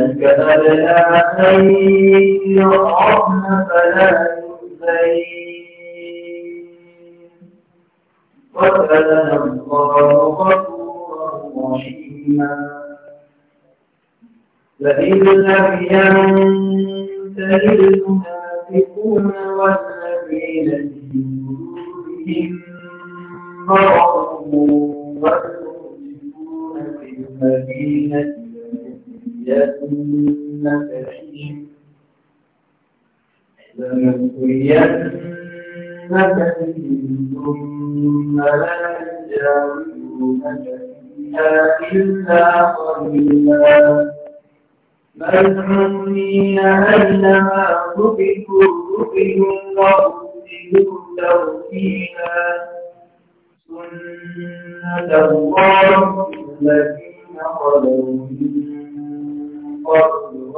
ذلك أدنى أن يرحمن فلا يؤذين وكان الله غفورا رحيما فإن لم ينتهي المنافقون والذين في قلوبهم مرض لنرينك فيهم ثم لا يجاورونك فيها إلا قليلا ملعونين أينما تقفوا تقفوا وأرسلوا توكيلا سنة الله الذين خلوا من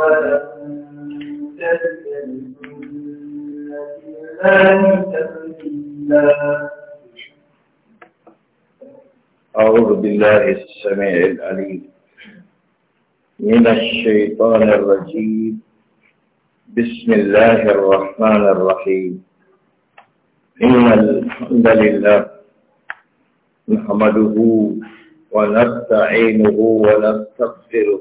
أعوذ بالله السميع العليم من الشيطان الرجيم بسم الله الرحمن الرحيم إن الحمد لله نحمده ونستعينه ونستغفره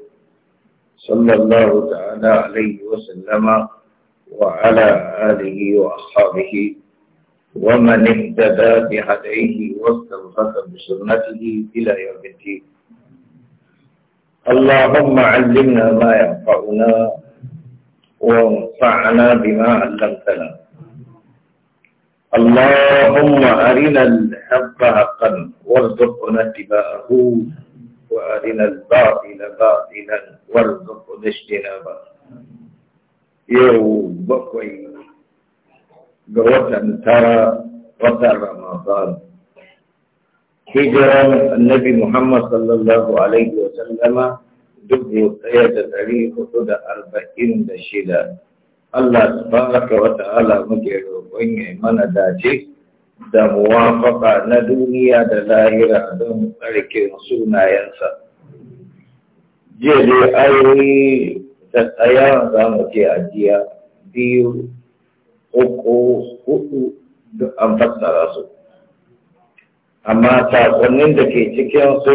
صلى الله تعالى عليه وسلم وعلى آله وأصحابه ومن اهتدى بهديه واستنصت بسنته إلى يوم الدين اللهم علمنا ما ينفعنا وانفعنا بما علمتنا اللهم أرنا الحق حقا وارزقنا اتباعه وأرنا الباطل باطلا وارزقنا اجتنابه يو بقوي قوة ترى وتر رمضان هجرا النبي محمد صلى الله عليه وسلم دبر سيادة تاريخ تدى أربعين دشيدا Allah tabaraka wa ta'ala muke roƙon ya mana dace da muwafaka na duniya da lahira don tsarkin sunayensa. Jere ayoyi da tsaya za mu ce ajiya biyu, uku, hudu duk an fassara su. Amma saƙonnin da ke cikin su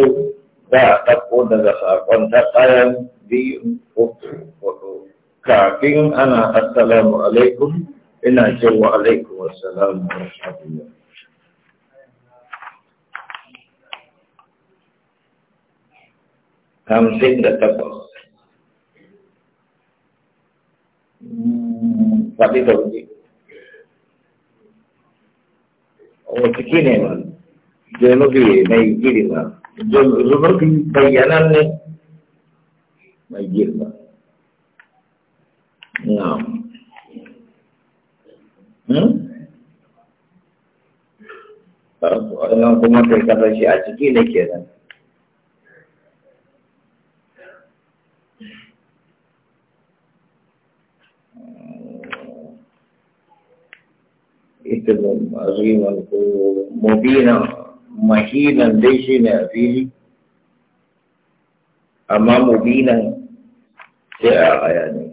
za a ɗauko daga saƙon ta tsayan biyu, uku, hudu. Kafin ana assalamu alaikum. ina jin wa alaikum wassalam wa rahmatullah hamsin da takwas faɗi da wuri wata ne ma zunubi mai girma zunubi bayanan ne mai girma na'am Hmm? wannan kuma kai kasar shi a ciki ne ke nan ita da mubina Mahina dai shi ne a fili amma mubinan sai a aya ne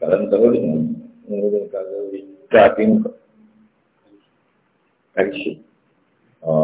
karanta wurin wurin ka zaure kafin